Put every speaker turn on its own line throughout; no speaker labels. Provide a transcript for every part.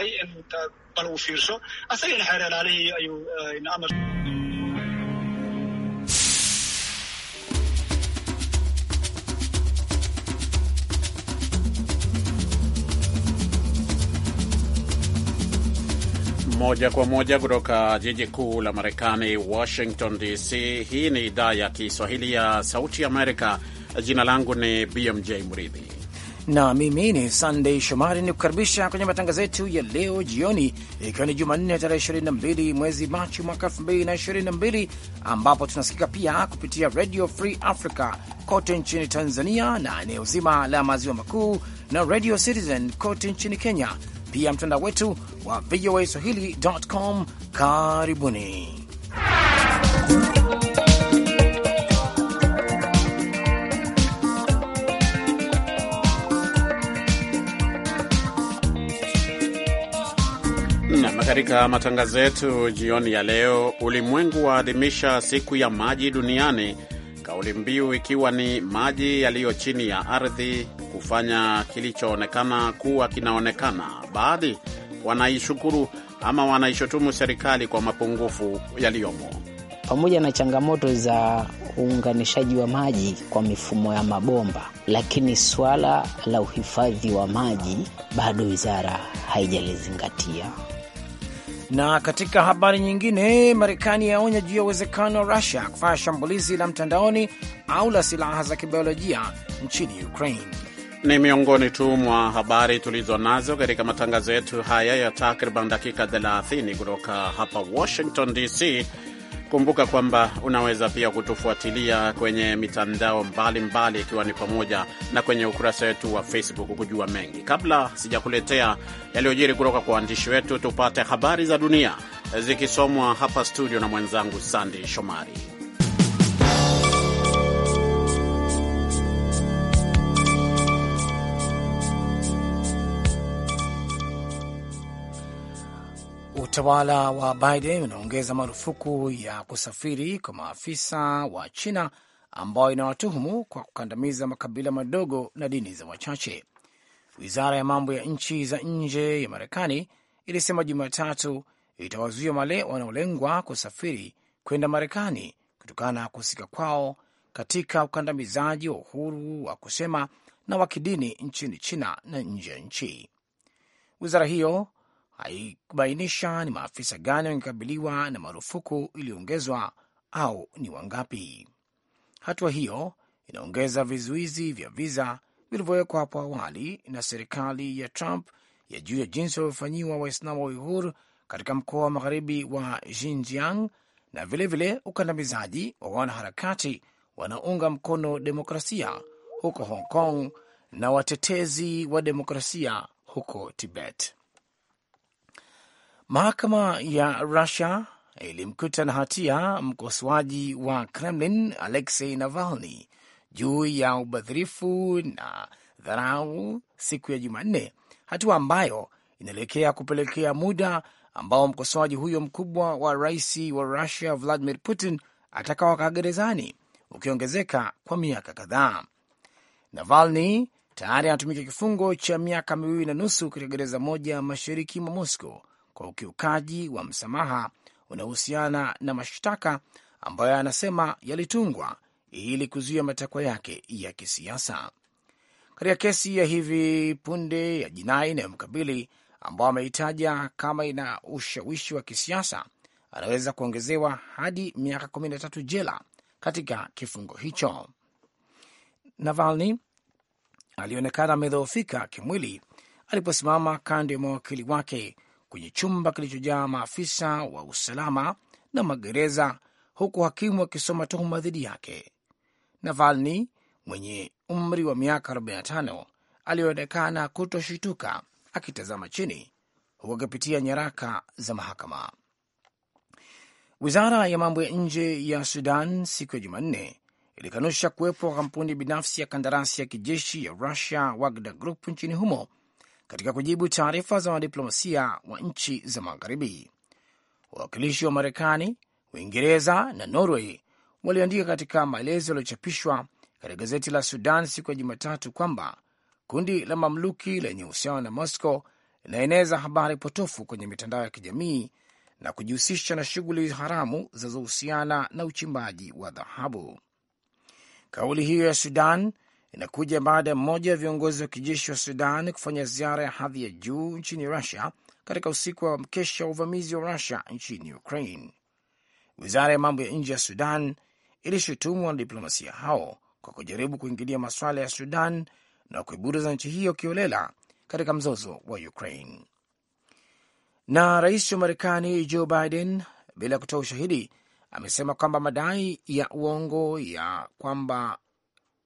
faray in bal uu fiirso asagana xeereelaalihii ayuu amar Moja kwa moja kutoka jiji kuu la Marekani, Washington DC. Hii ni idhaa ya Kiswahili ya Sauti Amerika. Jina langu ni BMJ Mridhi
na mimi ni Sandey Shomari ni kukaribisha kwenye matangazo yetu ya leo jioni, ikiwa ni Jumanne tarehe 22 mwezi Machi mwaka 2022, ambapo tunasikika pia kupitia Radio Free Africa kote nchini Tanzania na eneo zima la maziwa makuu na Radio Citizen kote nchini Kenya, pia mtandao wetu wa VOA Swahili.com. Karibuni
Katika matangazo yetu jioni ya leo, ulimwengu waadhimisha siku ya maji duniani, kauli mbiu ikiwa ni maji yaliyo chini ya ardhi kufanya kilichoonekana kuwa kinaonekana. Baadhi wanaishukuru ama wanaishutumu serikali kwa mapungufu yaliyomo,
pamoja na changamoto za uunganishaji wa maji kwa mifumo ya mabomba, lakini swala la uhifadhi wa maji bado wizara
haijalizingatia. Na katika habari nyingine, Marekani yaonya juu ya uwezekano wa Rusia kufanya shambulizi la mtandaoni au la silaha za kibiolojia
nchini Ukraine. Ni miongoni tu mwa habari tulizo nazo katika matangazo yetu haya ya takriban dakika 30 kutoka hapa Washington DC. Kumbuka kwamba unaweza pia kutufuatilia kwenye mitandao mbalimbali, ikiwa mbali ni pamoja na kwenye ukurasa wetu wa Facebook kujua mengi. Kabla sijakuletea yaliyojiri kutoka kwa waandishi wetu, tupate habari za dunia zikisomwa hapa studio na mwenzangu Sandi Shomari.
Utawala wa Biden unaongeza marufuku ya kusafiri kwa maafisa wa China ambayo inawatuhumu kwa kukandamiza makabila madogo na dini za wachache. Wizara ya mambo ya nchi za nje ya Marekani ilisema Jumatatu itawazuia wale wanaolengwa kusafiri kwenda Marekani kutokana na kuhusika kwao katika ukandamizaji wa uhuru wa kusema na wa kidini nchini China na nje ya nchi. Wizara hiyo haikubainisha ni maafisa gani wangekabiliwa na marufuku iliyoongezwa au ni wangapi. Hatua hiyo inaongeza vizuizi vya viza vilivyowekwa hapo awali na serikali ya Trump ya juu ya jinsi walivyofanyiwa Waislamu wa Uighur katika mkoa wa magharibi wa Xinjiang na vilevile vile ukandamizaji wa wanaharakati wanaounga mkono demokrasia huko Hong Kong na watetezi wa demokrasia huko Tibet. Mahakama ya Rusia ilimkuta na hatia mkosoaji wa Kremlin Alexei Navalny juu ya ubadhirifu na dharau siku ya Jumanne, hatua ambayo inaelekea kupelekea muda ambao mkosoaji huyo mkubwa wa rais wa Rusia Vladimir Putin atakawa kaa gerezani ukiongezeka kwa miaka kadhaa. Navalny tayari anatumika kifungo cha miaka miwili na nusu katika gereza moja mashariki mwa Moscow kwa ukiukaji wa msamaha unaohusiana na mashtaka ambayo anasema yalitungwa ili kuzuia matakwa yake ya kisiasa. Katika kesi ya hivi punde ya jinai inayomkabili ambao ameitaja kama ina ushawishi wa kisiasa, anaweza kuongezewa hadi miaka kumi na tatu jela katika kifungo hicho. Navalny alionekana amedhoofika kimwili aliposimama kando ya mawakili wake kwenye chumba kilichojaa maafisa wa usalama na magereza, huku hakimu akisoma tuhuma dhidi yake. Navalny mwenye umri wa miaka 45 alionekana kutoshituka akitazama chini huku akipitia nyaraka za mahakama. Wizara ya mambo ya nje ya Sudan siku ya Jumanne ilikanusha kuwepo kampuni binafsi ya kandarasi ya kijeshi ya Russia Wagner Group nchini humo katika kujibu taarifa za wanadiplomasia wa nchi za magharibi. Wawakilishi wa Marekani, Uingereza na Norway waliandika katika maelezo yaliyochapishwa katika gazeti la Sudan siku ya Jumatatu kwamba kundi la mamluki lenye uhusiano na Moscow linaeneza habari potofu kwenye mitandao ya kijamii na kujihusisha na shughuli haramu zinazohusiana na uchimbaji wa dhahabu. Kauli hiyo ya Sudan inakuja baada ya mmoja wa viongozi wa kijeshi wa Sudan kufanya ziara ya hadhi ya juu nchini Rusia katika usiku wa mkesha wa uvamizi wa Rusia nchini Ukraine. Wizara ya mambo ya nje ya Sudan ilishutumu wanadiplomasia hao kwa kujaribu kuingilia masuala ya Sudan na kuiburuza nchi hiyo kiolela katika mzozo wa Ukraine. Na rais wa Marekani Joe Biden, bila kutoa ushahidi, amesema kwamba madai ya uongo ya kwamba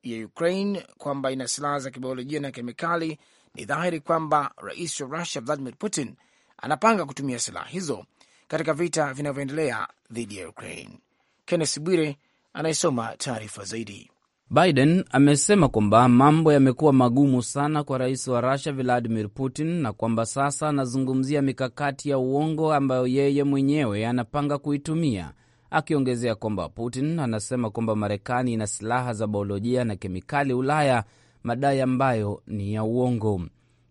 ya Ukraine kwamba ina silaha za kibiolojia na kemikali, ni dhahiri kwamba rais wa Rusia Vladimir Putin anapanga kutumia silaha hizo katika vita vinavyoendelea dhidi ya Ukraine. Kennes Bwire anayesoma taarifa zaidi.
Biden amesema kwamba mambo yamekuwa magumu sana kwa rais wa Rusia Vladimir Putin na kwamba sasa anazungumzia mikakati ya uongo ambayo yeye mwenyewe anapanga kuitumia akiongezea kwamba Putin anasema kwamba Marekani ina silaha za biolojia na kemikali Ulaya, madai ambayo ni ya uongo.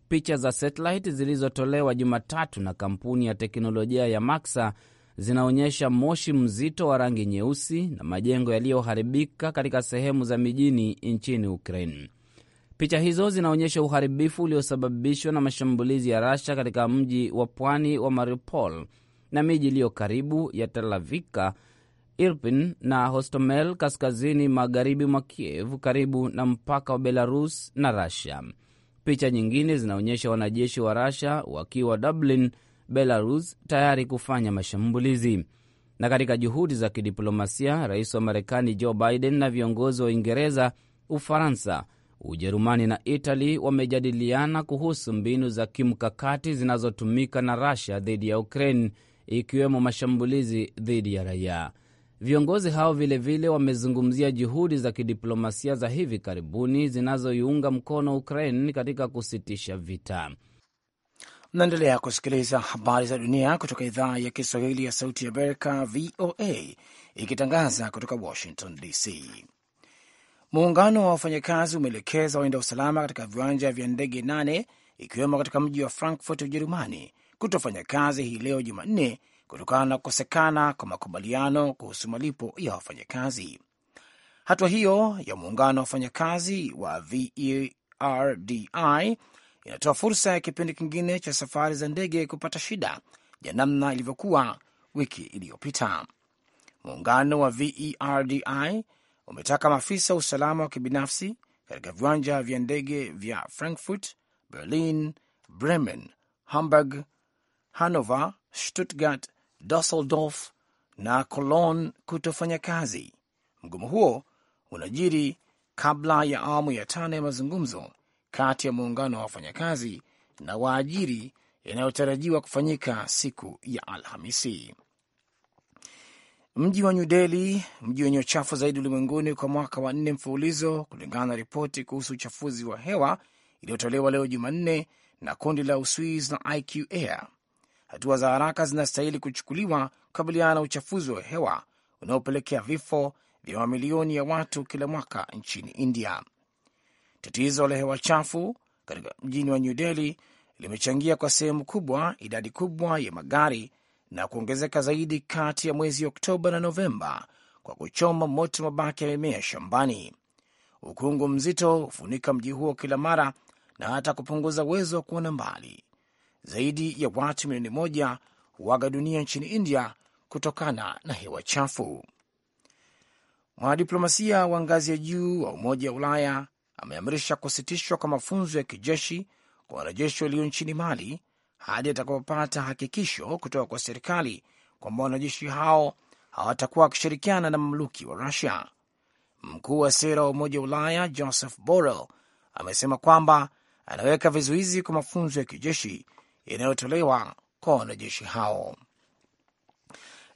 Picha za satellite zilizotolewa Jumatatu na kampuni ya teknolojia ya Maxar zinaonyesha moshi mzito wa rangi nyeusi na majengo yaliyoharibika katika sehemu za mijini nchini Ukraine. Picha hizo zinaonyesha uharibifu uliosababishwa na mashambulizi ya Russia katika mji wa pwani wa Mariupol na miji iliyo karibu ya Talavika, Irpin na Hostomel kaskazini magharibi mwa Kiev karibu na mpaka wa Belarus na Rasia. Picha nyingine zinaonyesha wanajeshi wa Rasia wakiwa Dublin, Belarus, tayari kufanya mashambulizi. Na katika juhudi za kidiplomasia, rais wa Marekani Joe Biden na viongozi wa Uingereza, Ufaransa, Ujerumani na Itali wamejadiliana kuhusu mbinu za kimkakati zinazotumika na Rasia dhidi ya Ukraine ikiwemo mashambulizi dhidi ya raia. Viongozi hao vilevile wamezungumzia juhudi za kidiplomasia za hivi karibuni zinazoiunga
mkono Ukraine katika kusitisha vita. Mnaendelea kusikiliza habari za dunia kutoka idhaa ya Kiswahili ya Sauti ya Amerika, VOA, ikitangaza kutoka Washington DC. Muungano wa wafanyakazi umeelekeza waenda usalama katika viwanja vya ndege nane ikiwemo katika mji wa Frankfurt, Ujerumani, kutofanya kazi hii leo Jumanne kutokana na kukosekana kwa makubaliano kuhusu malipo ya wafanyakazi. Hatua hiyo ya muungano wa wafanyakazi wa VERDI inatoa fursa ya kipindi kingine cha safari za ndege kupata shida ya namna ilivyokuwa wiki iliyopita. Muungano wa VERDI umetaka maafisa usalama wa kibinafsi katika viwanja vya ndege vya Frankfurt, Berlin, Bremen, Hamburg Hanover, Stuttgart, Dusseldorf na Cologne kutofanya kazi. Mgomo huo unajiri kabla ya awamu ya tano ya mazungumzo kati ya muungano wa wafanyakazi na waajiri yanayotarajiwa kufanyika siku ya Alhamisi. Mji wa New Delhi, mji wenye uchafu zaidi ulimwenguni kwa mwaka wa nne mfululizo, kulingana na ripoti kuhusu uchafuzi wa hewa iliyotolewa leo Jumanne na kundi la Uswiz na IQ Air hatua za haraka zinastahili kuchukuliwa kukabiliana na uchafuzi wa hewa unaopelekea vifo vya mamilioni ya watu kila mwaka nchini India. Tatizo la hewa chafu katika mjini wa New Delhi limechangia kwa sehemu kubwa idadi kubwa ya magari na kuongezeka zaidi kati ya mwezi Oktoba na Novemba kwa kuchoma moto mabaki ya mimea shambani. Ukungu mzito hufunika mji huo kila mara na hata kupunguza uwezo wa kuona mbali zaidi ya watu milioni moja huaga dunia nchini India kutokana na hewa chafu. Mwanadiplomasia wa ngazi ya juu wa Umoja wa Ulaya ameamrisha kusitishwa kwa mafunzo ya kijeshi kwa wanajeshi walio nchini Mali hadi atakapopata hakikisho kutoka kwa serikali kwamba wanajeshi hao hawatakuwa wakishirikiana na mamluki wa Rusia. Mkuu wa sera wa Umoja wa Ulaya Joseph Borrell amesema kwamba anaweka vizuizi kwa mafunzo ya kijeshi inayotolewa kwa wanajeshi hao.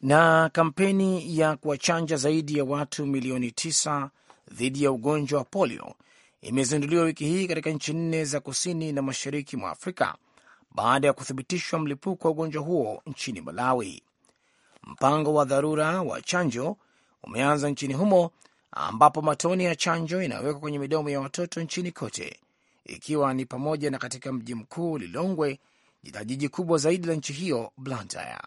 Na kampeni ya kuwachanja zaidi ya watu milioni tisa dhidi ya ugonjwa wa polio imezinduliwa wiki hii katika nchi nne za kusini na mashariki mwa Afrika baada ya kuthibitishwa mlipuko wa ugonjwa huo nchini Malawi. Mpango wa dharura wa chanjo umeanza nchini humo ambapo matone ya chanjo inayowekwa kwenye midomo ya watoto nchini kote, ikiwa ni pamoja na katika mji mkuu Lilongwe jina jiji kubwa zaidi la nchi hiyo Blantyre.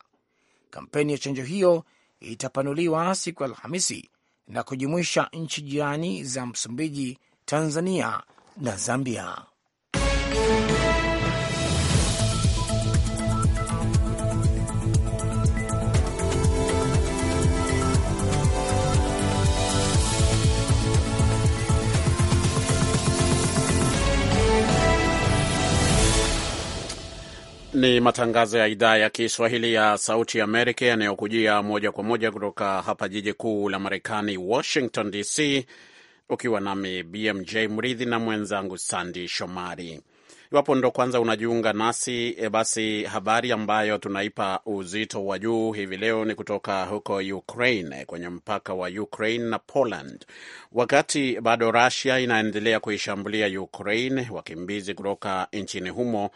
Kampeni ya chanjo hiyo itapanuliwa siku ya Alhamisi na kujumuisha nchi jirani za Msumbiji, Tanzania na Zambia.
Ni matangazo ya idhaa ya Kiswahili ya Sauti ya Amerika yanayokujia moja kwa moja kutoka hapa jiji kuu la Marekani, Washington DC, ukiwa nami BMJ Mridhi na mwenzangu Sandi Shomari. Iwapo ndo kwanza unajiunga nasi e, basi habari ambayo tunaipa uzito wa juu hivi leo ni kutoka huko Ukraine, kwenye mpaka wa Ukraine na Poland. Wakati bado Russia inaendelea kuishambulia Ukraine, wakimbizi kutoka nchini humo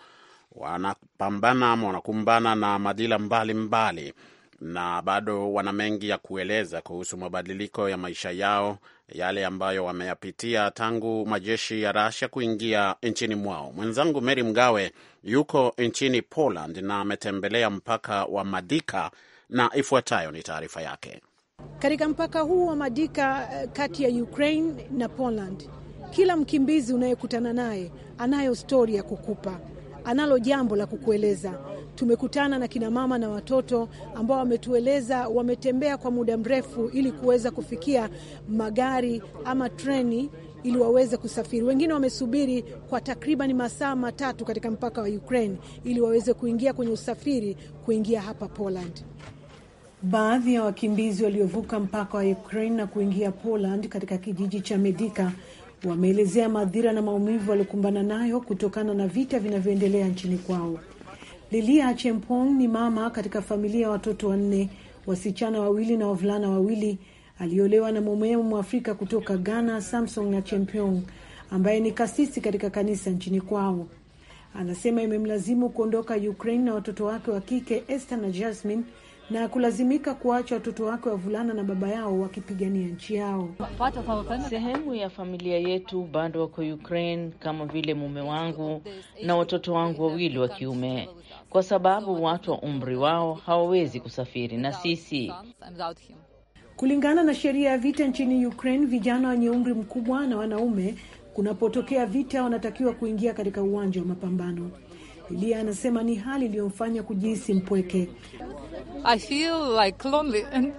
wanapambana ama wanakumbana na madhila mbalimbali mbali, na bado wana mengi ya kueleza kuhusu mabadiliko ya maisha yao yale ambayo wameyapitia tangu majeshi ya Russia kuingia nchini mwao. Mwenzangu Mary Mgawe yuko nchini Poland na ametembelea mpaka wa Madika na ifuatayo ni taarifa yake.
Katika mpaka huu wa Madika eh, kati ya Ukraine na Poland, kila mkimbizi unayekutana naye anayo stori ya kukupa analo jambo la kukueleza. Tumekutana na kinamama na watoto ambao wametueleza wametembea kwa muda mrefu ili kuweza kufikia magari ama treni ili waweze kusafiri. Wengine wamesubiri kwa takriban masaa matatu katika mpaka wa Ukraine ili waweze kuingia kwenye usafiri kuingia hapa Poland. Baadhi ya wakimbizi waliovuka mpaka wa Ukraine na kuingia Poland katika kijiji cha Medika wameelezea madhira na maumivu waliokumbana nayo kutokana na vita vinavyoendelea nchini kwao. Lilia Chempong ni mama katika familia ya watoto wanne, wasichana wawili na wavulana wawili. Aliolewa na mume Mwafrika kutoka Ghana, Samson na Chempong, ambaye ni kasisi katika kanisa nchini kwao. Anasema imemlazimu kuondoka Ukraine na watoto wake wa kike Esther na Jasmine na kulazimika kuwacha watoto wake wavulana na baba yao wakipigania nchi yao.
Sehemu ya familia yetu bado wako Ukraine, kama vile mume wangu na watoto wangu wawili wa kiume, kwa sababu watu wa umri wao hawawezi kusafiri na sisi.
Kulingana na sheria ya vita nchini Ukraine, vijana wenye umri mkubwa na wanaume kunapotokea vita wanatakiwa kuingia katika uwanja wa mapambano. Lilia anasema ni hali iliyomfanya kujihisi mpweke. I
feel like
lonely and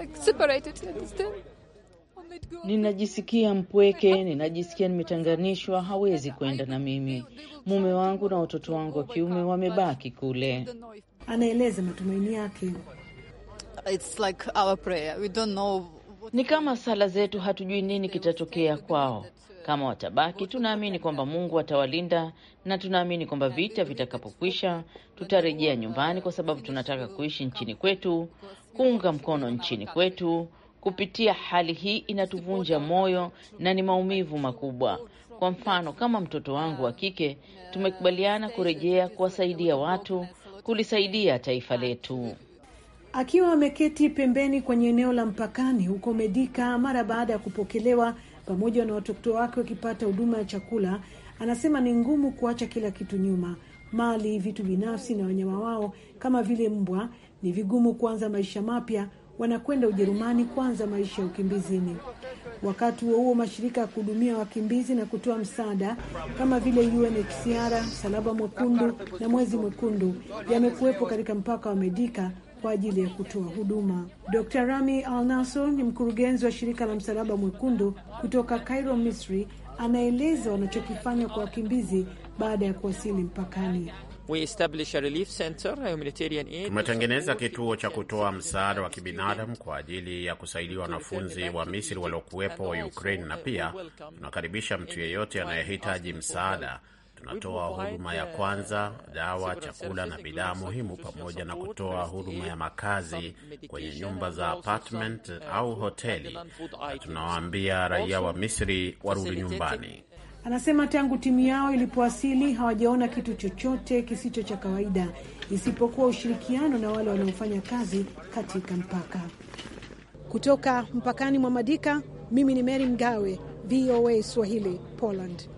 like separated.
Ninajisikia mpweke, ninajisikia nimetanganishwa, hawezi kwenda na mimi. Mume wangu na watoto wangu wa kiume wamebaki kule.
Anaeleza matumaini
yake. It's like our prayer. We don't know... ni kama sala zetu, hatujui nini kitatokea kwao. Kama watabaki, tunaamini kwamba Mungu atawalinda na tunaamini kwamba vita vitakapokwisha, tutarejea nyumbani, kwa sababu tunataka kuishi nchini kwetu, kuunga mkono nchini kwetu. Kupitia hali hii inatuvunja moyo na ni maumivu makubwa. Kwa mfano, kama mtoto wangu wa kike, tumekubaliana kurejea kuwasaidia watu, kulisaidia taifa letu.
Akiwa ameketi pembeni kwenye eneo la mpakani huko Medika mara baada ya kupokelewa pamoja na watoto wake wakipata huduma ya chakula. Anasema ni ngumu kuacha kila kitu nyuma, mali, vitu binafsi na wanyama wao kama vile mbwa. Ni vigumu kuanza maisha mapya, wanakwenda Ujerumani kuanza maisha ya ukimbizini. Wakati huo huo, mashirika ya kuhudumia wakimbizi na kutoa msaada kama vile UNHCR, salaba Mwekundu na Mwezi Mwekundu yamekuwepo katika mpaka wa Medika kwa ajili ya kutoa huduma. Dr Rami Al naso ni mkurugenzi wa shirika la Msalaba Mwekundu kutoka Cairo, Misri. Anaeleza wanachokifanya kwa wakimbizi baada ya kuwasili mpakani.
Tumetengeneza kituo cha kutoa msaada wa kibinadamu kwa ajili ya kusaidia wanafunzi wa Misri waliokuwepo Ukraine, na pia tunakaribisha mtu yeyote anayehitaji msaada tunatoa huduma ya uh, kwanza, dawa, chakula na bidhaa muhimu, pamoja na kutoa huduma ya makazi kwenye nyumba uh, za apartment uh, au hoteli, na tunawaambia raia wa Misri warudi nyumbani.
Anasema tangu timu yao ilipowasili hawajaona kitu chochote kisicho cha kawaida isipokuwa ushirikiano na wale wanaofanya kazi katika mpaka. Kutoka mpakani mwa Madika, mimi ni Mary Mgawe, VOA Swahili, Poland.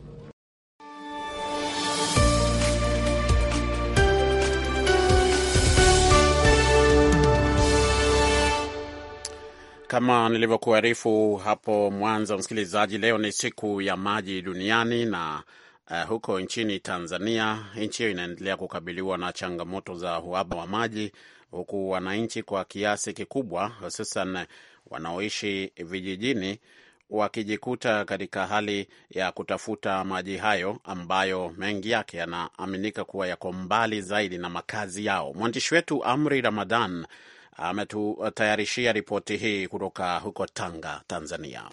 Kama nilivyokuarifu hapo mwanzo, msikilizaji, leo ni siku ya maji duniani na uh, huko nchini Tanzania, nchi hiyo inaendelea kukabiliwa na changamoto za uhaba wa maji, huku wananchi kwa kiasi kikubwa, hususan wanaoishi vijijini, wakijikuta katika hali ya kutafuta maji hayo ambayo mengi yake yanaaminika kuwa yako mbali zaidi na makazi yao. Mwandishi wetu Amri Ramadhan ametutayarishia ripoti hii kutoka huko Tanga, Tanzania.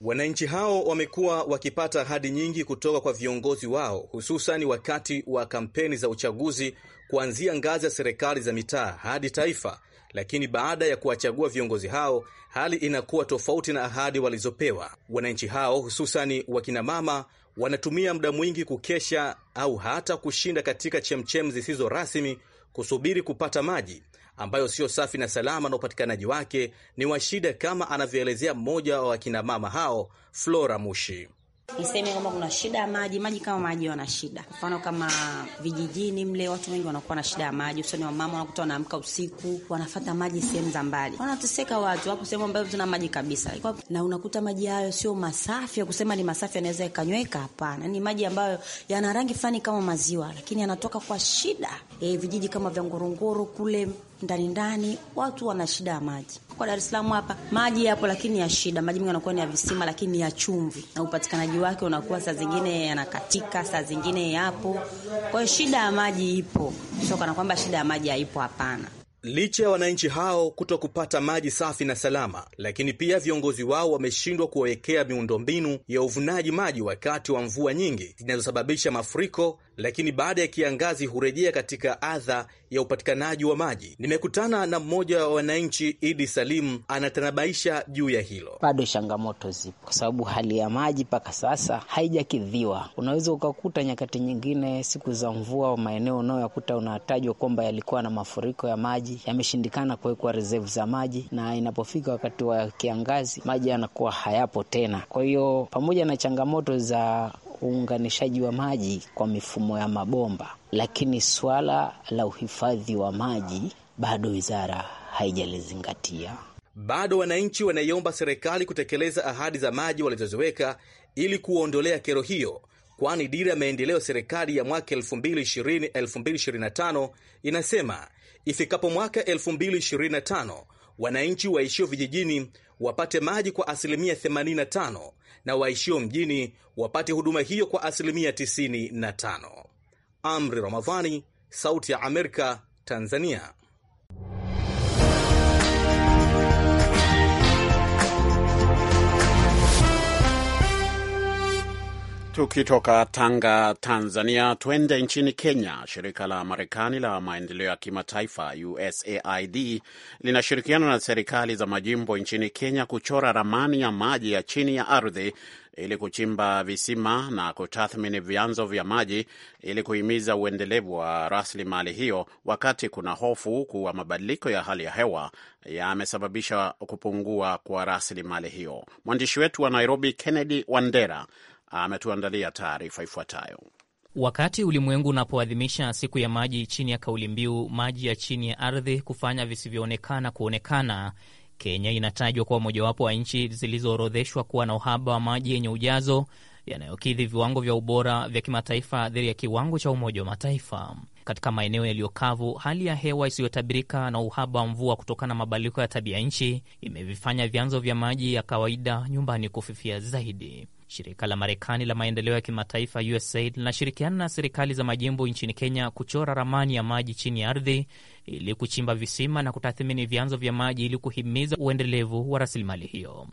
Wananchi hao wamekuwa wakipata ahadi nyingi kutoka kwa viongozi wao, hususan wakati wa kampeni za uchaguzi, kuanzia ngazi ya serikali za mitaa hadi taifa. Lakini baada ya kuwachagua viongozi hao, hali inakuwa tofauti na ahadi walizopewa. Wananchi hao hususani wakinamama wanatumia muda mwingi kukesha au hata kushinda katika chemchem zisizo rasmi kusubiri kupata maji ambayo sio safi na salama na upatikanaji wake ni wa shida, kama anavyoelezea mmoja wa wakinamama hao Flora Mushi.
Niseme kwamba kuna shida ya maji, maji kama maji wana shida. Mfano kama vijijini mle watu wengi wanakuwa na shida ya maji, hususani wamama wanakuta wanaamka usiku, wanafata maji sehemu za mbali. Wanateseka watu, wapo sehemu ambayo tuna maji kabisa. Na unakuta maji hayo sio masafi, ya kusema ni masafi yanaweza yakanyweka, hapana. Ni maji ambayo yana rangi fulani kama maziwa, lakini yanatoka kwa shida. E, vijiji kama vya Ngorongoro kule ndani ndani, watu wana shida ya maji. Kwa Dar es Salaam hapa maji yapo, lakini ya shida. Maji mengi yanakuwa ni ya visima, lakini ya chumvi, na upatikanaji wake unakuwa saa zingine yanakatika, saa zingine yapo. Kwa hiyo shida ya maji ipo, sio kana kwamba shida ya maji haipo, hapana.
Licha ya wananchi hao kuto kupata maji safi na salama, lakini pia viongozi wao wameshindwa kuwawekea miundombinu ya uvunaji maji wakati wa mvua nyingi zinazosababisha mafuriko lakini baada ya kiangazi hurejea katika adha ya upatikanaji wa maji. Nimekutana na mmoja wa wananchi Idi Salim, anatanabaisha juu ya hilo.
Bado changamoto zipo, kwa sababu hali ya maji mpaka sasa haijakidhiwa. Unaweza ukakuta nyakati nyingine, siku za mvua, maeneo unayoyakuta unatajwa kwamba yalikuwa na mafuriko ya maji, yameshindikana kuwekwa reserve za maji, na inapofika wakati wa kiangazi maji yanakuwa hayapo tena. Kwa hiyo pamoja na changamoto za uunganishaji wa maji kwa mifumo ya mabomba, lakini swala la uhifadhi wa maji bado wizara haijalizingatia.
Bado wananchi wanaiomba serikali kutekeleza ahadi za maji walizoziweka ili kuondolea kero hiyo, kwani dira ya maendeleo serikali ya mwaka 2020-2025 inasema ifikapo mwaka 2025 wananchi waishio vijijini wapate maji kwa asilimia 85 na waishio mjini wapate huduma hiyo kwa asilimia 95. Amri Ramadhani, Sauti ya Amerika, Tanzania.
Tukitoka Tanga, Tanzania, twende nchini Kenya. Shirika la Marekani la maendeleo ya kimataifa USAID linashirikiana na serikali za majimbo nchini Kenya kuchora ramani ya maji ya chini ya ardhi ili kuchimba visima na kutathmini vyanzo vya maji ili kuhimiza uendelevu wa rasilimali hiyo, wakati kuna hofu kuwa mabadiliko ya hali ya hewa yamesababisha kupungua kwa rasilimali hiyo. Mwandishi wetu wa Nairobi, Kennedy Wandera, ametuandalia taarifa ifuatayo.
Wakati ulimwengu unapoadhimisha siku ya maji chini ya kauli mbiu maji ya chini ya ardhi, kufanya visivyoonekana kuonekana, Kenya inatajwa kuwa mojawapo wa nchi zilizoorodheshwa kuwa na uhaba wa maji yenye ujazo yanayokidhi viwango vya ubora vya kimataifa dhidi ya kiwango cha Umoja wa Mataifa. Katika maeneo yaliyokavu, hali ya hewa isiyotabirika na uhaba wa mvua kutokana na mabadiliko ya tabia nchi imevifanya vyanzo vya maji ya kawaida nyumbani kufifia zaidi. Shirika la Marekani la maendeleo ya kimataifa USAID linashirikiana na serikali za majimbo nchini Kenya kuchora ramani ya maji chini ya ardhi ili kuchimba visima na kutathmini vyanzo vya maji ili kuhimiza uendelevu wa rasilimali hiyo.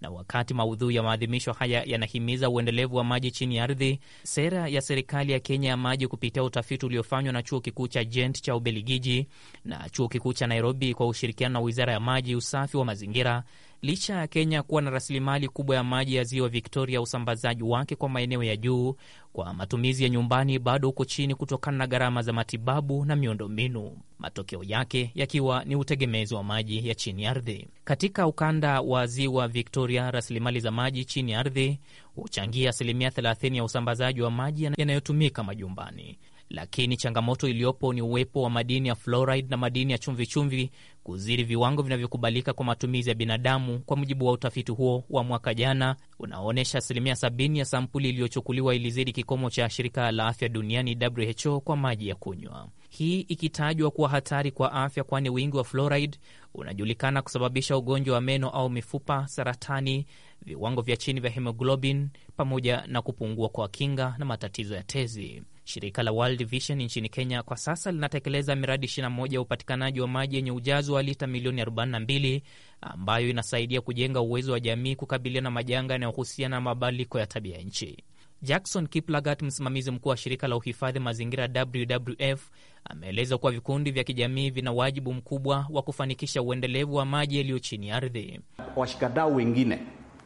Na wakati maudhui ya maadhimisho haya yanahimiza uendelevu wa maji chini ya ardhi, sera ya serikali ya Kenya ya maji kupitia utafiti uliofanywa na chuo kikuu cha Jent cha Ubeligiji na chuo kikuu cha Nairobi kwa ushirikiano na wizara ya maji, usafi wa mazingira Licha ya Kenya kuwa na rasilimali kubwa ya maji ya ziwa Victoria, usambazaji wake kwa maeneo ya juu kwa matumizi ya nyumbani bado uko chini kutokana na gharama za matibabu na miundombinu, matokeo yake yakiwa ni utegemezi wa maji ya chini ardhi. Katika ukanda wa ziwa Victoria, rasilimali za maji chini ardhi huchangia asilimia 30 ya usambazaji wa maji yanayotumika majumbani, lakini changamoto iliyopo ni uwepo wa madini ya fluoride na madini ya chumvichumvi kuzidi viwango vinavyokubalika kwa matumizi ya binadamu, kwa mujibu wa utafiti huo wa mwaka jana unaoonyesha asilimia sabini ya sampuli iliyochukuliwa ilizidi kikomo cha shirika la afya duniani WHO kwa maji ya kunywa, hii ikitajwa kuwa hatari kwa afya, kwani wingi wa fluoride unajulikana kusababisha ugonjwa wa meno au mifupa, saratani, viwango vya chini vya hemoglobin, pamoja na kupungua kwa kinga na matatizo ya tezi. Shirika la World Vision nchini Kenya kwa sasa linatekeleza miradi 21 ya upatikanaji wa maji yenye ujazo wa lita milioni 42 ambayo inasaidia kujenga uwezo wa jamii kukabiliana na majanga yanayohusiana na mabadiliko ya tabia ya nchi. Jackson Kiplagat, msimamizi mkuu wa shirika la uhifadhi mazingira WWF, ameeleza kuwa vikundi vya kijamii vina wajibu mkubwa wa kufanikisha uendelevu wa maji yaliyo chini ya ardhi.
Washikadau wengine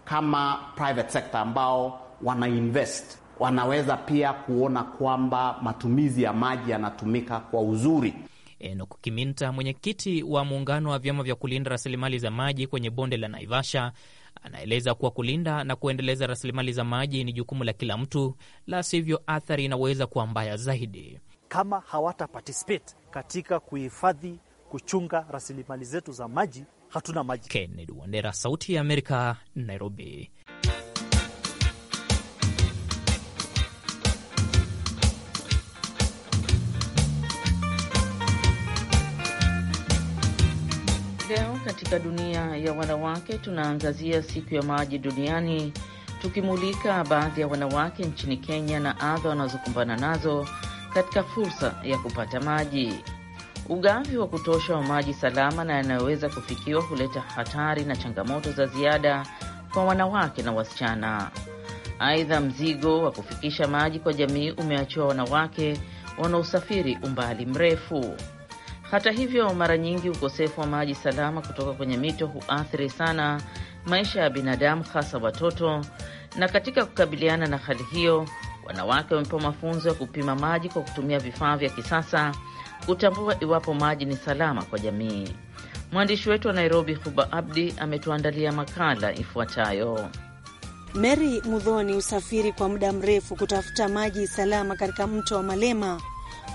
kama private sector
ambao wanainvest wanaweza pia kuona kwamba matumizi ya maji yanatumika kwa uzuri.
Enok Kiminta, mwenyekiti wa muungano wa vyama vya kulinda rasilimali za maji kwenye bonde la Naivasha, anaeleza kuwa kulinda na kuendeleza rasilimali za maji ni jukumu la kila mtu, la sivyo athari inaweza kuwa mbaya zaidi. Kama
hawata participate katika kuhifadhi, kuchunga rasilimali zetu za maji,
hatuna maji. Kennedy Wandera, Sauti ya Amerika, Nairobi.
Leo katika dunia ya wanawake tunaangazia siku ya maji duniani, tukimulika baadhi ya wanawake nchini Kenya na adha wanazokumbana nazo katika fursa ya kupata maji. Ugavi wa kutosha wa maji salama na yanayoweza kufikiwa huleta hatari na changamoto za ziada kwa wanawake na wasichana. Aidha, mzigo wa kufikisha maji kwa jamii umeachiwa wanawake wanaosafiri umbali mrefu. Hata hivyo, mara nyingi ukosefu wa maji salama kutoka kwenye mito huathiri sana maisha ya binadamu, hasa watoto. Na katika kukabiliana na hali hiyo, wanawake wamepewa mafunzo ya kupima maji kwa kutumia vifaa vya kisasa, kutambua iwapo maji ni salama kwa jamii. Mwandishi wetu wa Nairobi, Huba Abdi, ametuandalia makala ifuatayo.
Mary Mudhoni usafiri kwa muda mrefu kutafuta maji salama katika mto wa Malema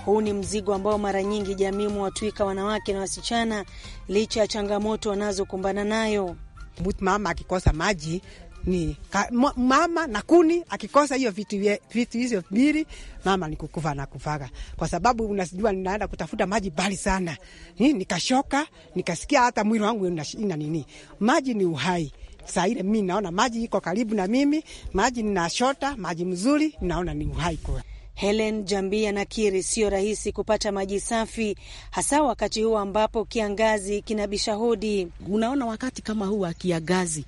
huu ni mzigo ambao mara nyingi jamii mwatwika wanawake na wasichana, licha ya changamoto wanazokumbana nayo. Mama akikosa maji ni ka, mama na
kuni akikosa hiyo vitu vitu hizo mbili, mama ni kukufa na kufaga, kwa sababu unasijua ninaenda kutafuta maji mbali sana ni, nikashoka nikasikia hata mwili wangu ina nini. Maji ni uhai. Saa ile mi naona maji iko karibu na mimi, maji
ninashota, maji mzuri, naona ni uhai kwa Helen Jambi anakiri sio rahisi kupata maji safi, hasa wakati huu ambapo kiangazi kinabisha hodi. Unaona, wakati kama huu wa kiangazi,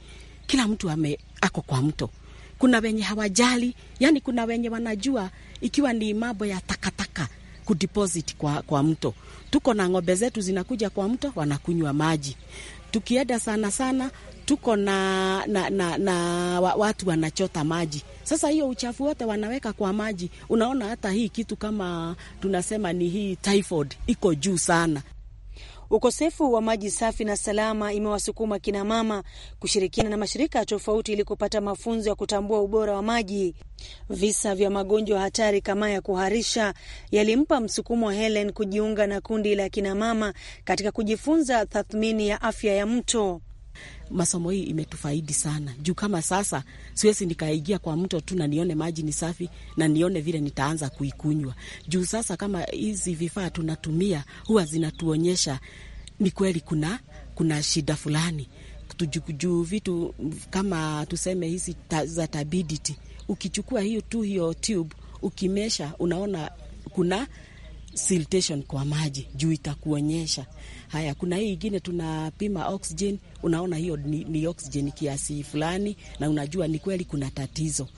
kila mtu ame ako kwa mto. Kuna wenye
hawajali, yani kuna wenye wanajua ikiwa ni mambo ya takataka kudeposit kwa, kwa mto. Tuko na ng'ombe zetu zinakuja kwa mto, wanakunywa maji. Tukienda sana sana tuko na, na, na, na watu wanachota maji sasa hiyo uchafu wote wanaweka kwa maji. Unaona hata hii kitu kama tunasema ni hii typhoid iko juu sana.
Ukosefu wa maji safi na salama imewasukuma kina mama kushirikiana na mashirika tofauti ili kupata mafunzo ya kutambua ubora wa maji. Visa vya magonjwa hatari kama ya kuharisha yalimpa msukumo Helen kujiunga na kundi la kinamama katika kujifunza tathmini ya afya ya mto
masomo hii imetufaidi sana juu kama sasa siwezi nikaingia kwa mto tu na nione maji ni safi na nione vile nitaanza kuikunywa. Juu sasa kama hizi vifaa tunatumia huwa zinatuonyesha ni kweli kuna, kuna shida fulani juu vitu kama tuseme hizi ta, za tabidity. Ukichukua hiyo tu hiyo tube ukimesha, unaona kuna siltation kwa maji juu itakuonyesha Haya, kuna hii ingine tunapima oxygen, unaona hiyo ni, ni oxygen kiasi fulani, na unajua ni kweli kuna tatizo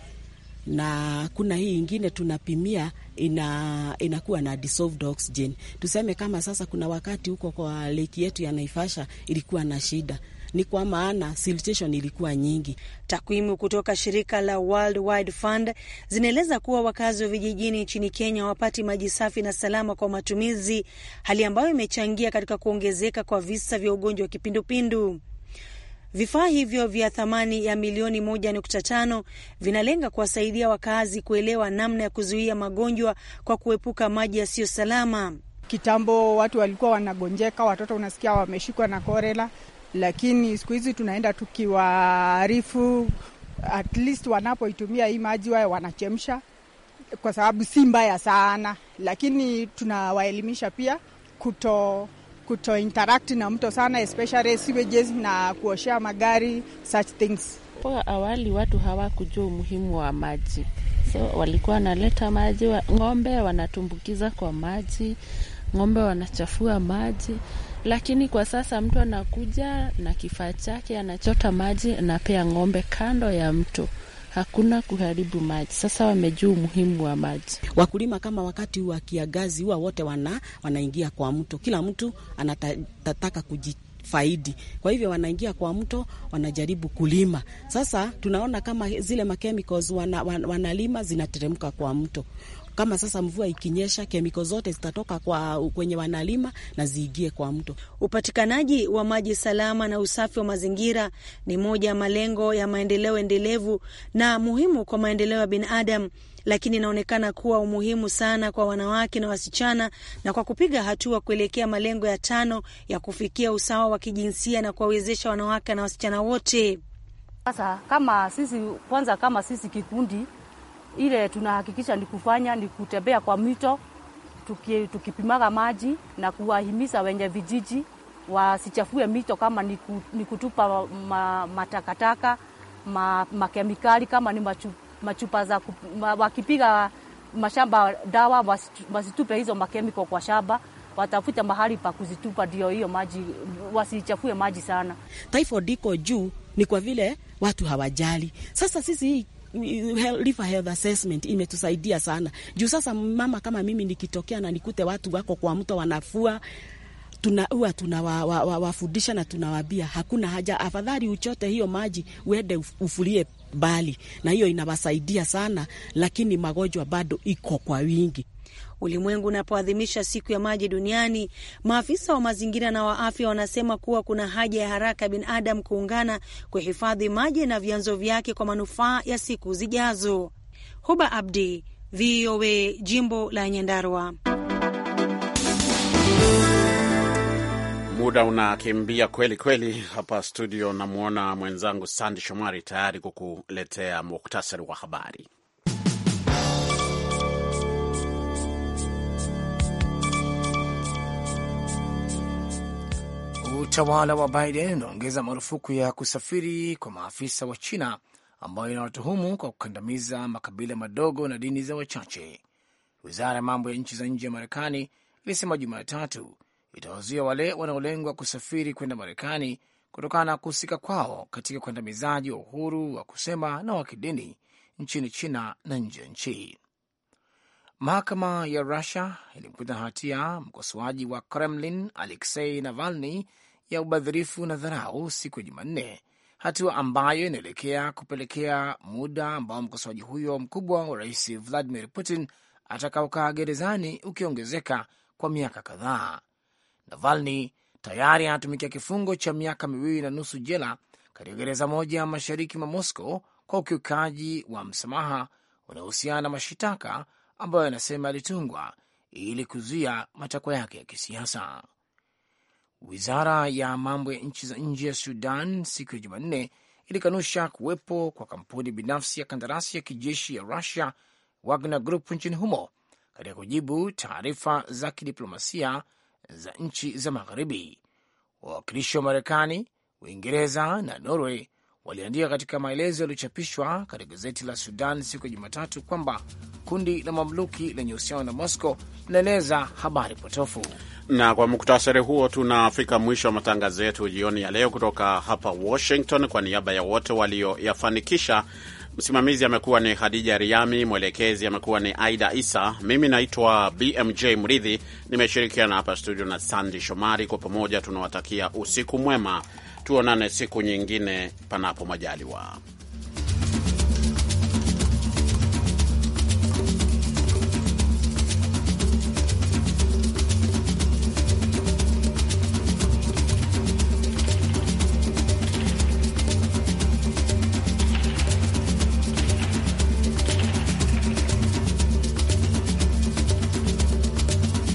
na kuna hii ingine tunapimia ina, inakuwa na dissolved oxygen. Tuseme kama sasa kuna wakati huko kwa leki yetu ya Naivasha ilikuwa na
shida ni kwa maana siltation ilikuwa nyingi. Takwimu kutoka shirika la World Wide Fund zinaeleza kuwa wakazi wa vijijini nchini Kenya hawapati maji safi na salama kwa matumizi, hali ambayo imechangia katika kuongezeka kwa visa vya ugonjwa wa kipindupindu. Vifaa hivyo vya thamani ya milioni moja nukta tano vinalenga kuwasaidia wakazi kuelewa namna ya kuzuia magonjwa kwa kuepuka maji yasiyo salama. Kitambo watu walikuwa wanagonjeka, watoto unasikia wameshikwa na korela,
lakini siku hizi tunaenda tukiwaarifu, at least wanapoitumia hii maji wae wanachemsha, kwa sababu si mbaya sana, lakini tunawaelimisha pia kuto kuto interact na mto sana, especially sewages na kuoshea magari such things. Kwa awali watu hawakujua umuhimu
wa maji, so walikuwa wanaleta maji wa, ng'ombe wanatumbukiza kwa maji, ng'ombe wanachafua maji lakini kwa sasa mtu anakuja na kifaa chake, anachota maji, anapea ng'ombe kando ya mto hakuna kuharibu maji. Sasa wamejua umuhimu wa maji. Wakulima kama wakati wa kiangazi huwa wote wana, wanaingia kwa mto, kila mtu anataka kujifaidi, kwa hivyo wanaingia kwa mto, wanajaribu kulima. Sasa tunaona kama zile makemikali wana, wan, wanalima zinateremka kwa mto. Kama sasa mvua ikinyesha, kemiko zote zitatoka
kwa kwenye wanalima na ziingie kwa mto. Upatikanaji wa maji salama na usafi wa mazingira ni moja ya malengo ya maendeleo endelevu na muhimu kwa maendeleo ya binadamu lakini inaonekana kuwa umuhimu sana kwa wanawake na wasichana, na kwa kupiga hatua kuelekea malengo ya tano ya kufikia usawa wa kijinsia na kuwawezesha wanawake na wasichana wote. Sasa kama sisi kwanza, kama sisi kikundi ile tunahakikisha ni kufanya ni kutembea kwa mito tuki, tukipimaga maji na kuwahimiza wenye vijiji wasichafue mito, kama ni kutupa ma, matakataka ma, makemikali kama ni machu, machupa za ma, wakipiga mashamba dawa wasitupe hizo makemiko kwa shamba, watafute mahali pa kuzitupa, ndio hiyo maji wasichafue maji sana.
Typhoid iko juu, ni kwa vile watu hawajali. Sasa sisi lifa health assessment imetusaidia sana juu sasa mama kama mimi nikitokea na nikute watu wako kwa mto wanafua tuna tunawafundisha wa, wa, wa na tunawabia hakuna haja, afadhali uchote hiyo maji uende ufulie mbali, na hiyo inawasaidia
sana, lakini magonjwa bado iko kwa wingi. Ulimwengu unapoadhimisha siku ya maji duniani, maafisa wa mazingira na wa afya wanasema kuwa kuna haja ya haraka ya binadamu kuungana kuhifadhi maji na vyanzo vyake kwa manufaa ya siku zijazo. Huba Abdi, VOA, jimbo la Nyandarua.
Muda unakimbia kweli kweli hapa studio. Namwona mwenzangu Sandi Shomari tayari kukuletea muktasari wa habari.
Utawala wa Biden unaongeza marufuku ya kusafiri kwa maafisa wa China ambayo inawatuhumu kwa kukandamiza makabila madogo na dini za wachache. Wizara ya mambo ya nchi za nje ya Marekani ilisema Jumatatu itawazuia wale wanaolengwa kusafiri kwenda Marekani kutokana na kuhusika kwao katika ukandamizaji wa uhuru wa kusema na wa kidini nchini China na nje ya nchi. Mahakama ya Rusia ilimkuta hatia mkosoaji wa Kremlin Aleksei Navalny ya ubadhirifu na dharau siku ya Jumanne, hatua ambayo inaelekea kupelekea muda ambao mkosoaji huyo mkubwa wa rais Vladimir Putin atakaokaa gerezani ukiongezeka kwa miaka kadhaa. Navalny tayari anatumikia kifungo cha miaka miwili na nusu jela katika gereza moja mashariki mwa Moscow kwa ukiukaji wa msamaha unaohusiana na mashitaka ambayo anasema yalitungwa ili kuzuia matakwa yake ya kisiasa. Wizara ya mambo ya nchi za nje ya Sudan siku ya Jumanne ilikanusha kuwepo kwa kampuni binafsi ya kandarasi ya kijeshi ya Russia Wagner Group nchini humo katika kujibu taarifa za kidiplomasia za nchi za Magharibi. Wawakilishi wa Marekani, Uingereza na Norway waliandika katika maelezo yaliyochapishwa katika gazeti la Sudan siku ya Jumatatu kwamba kundi la mamluki lenye uhusiano na Moscow linaeleza habari potofu.
Na kwa muktasari huo tunafika mwisho wa matangazo yetu jioni ya leo kutoka hapa Washington. Kwa niaba ya wote walioyafanikisha Msimamizi amekuwa ni hadija Riami, mwelekezi amekuwa ni Aida Isa. Mimi naitwa BMJ Mridhi, nimeshirikiana hapa studio na Sandi Shomari. Kwa pamoja tunawatakia usiku mwema, tuonane siku nyingine, panapo majaliwa.